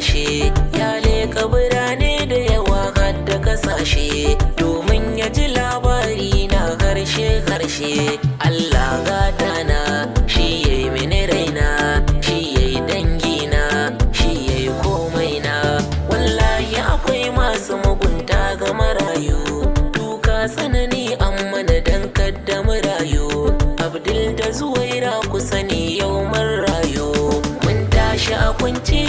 kashe ya leka birane da yawa har da kasashe domin ya ji labari na harshe harshe Allah gata na shi ya yi mini raina shi ya yi dangina shi ya yi komai na wallahi akwai masu mugunta ga marayu duka sana'ni an mana dankar da marayu abdul da zuwaira ku sani yau rayu mun tashi a kunci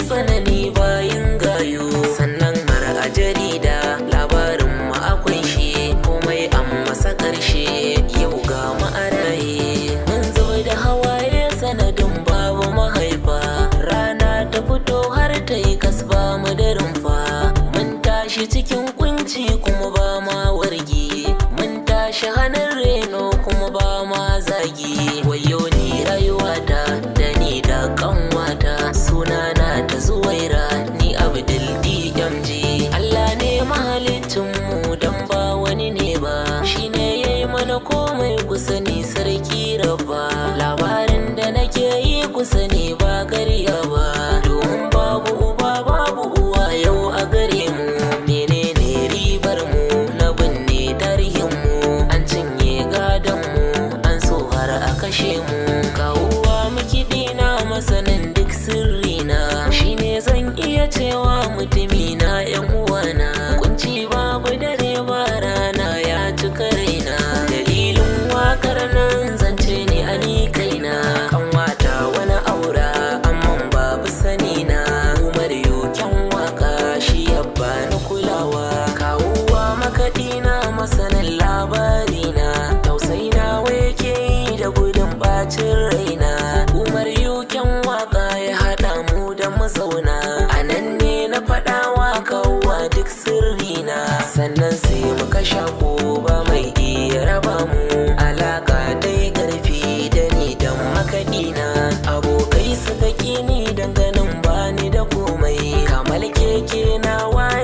tashi cikin kunci kuma ba ma wargi mun tashi hannun reno kuma ba ma zagi wayo ni rayuwata da ni da kanwata sunana ta zuwaira ni abdul dmg allah ne mu don ba wani ne ba shine ya yi mana komai kusa ni sarki 听。bacin raina umar yuken waka ya haɗa mu da mazauna a nan ne na faɗa wa kawwa duk sirrina sannan sai muka kashe ko ba mai iya raba mu alaka dai ƙarfi da ni dan makaɗina abokai suka ƙi ni danganin bani da komai kamal keke na waye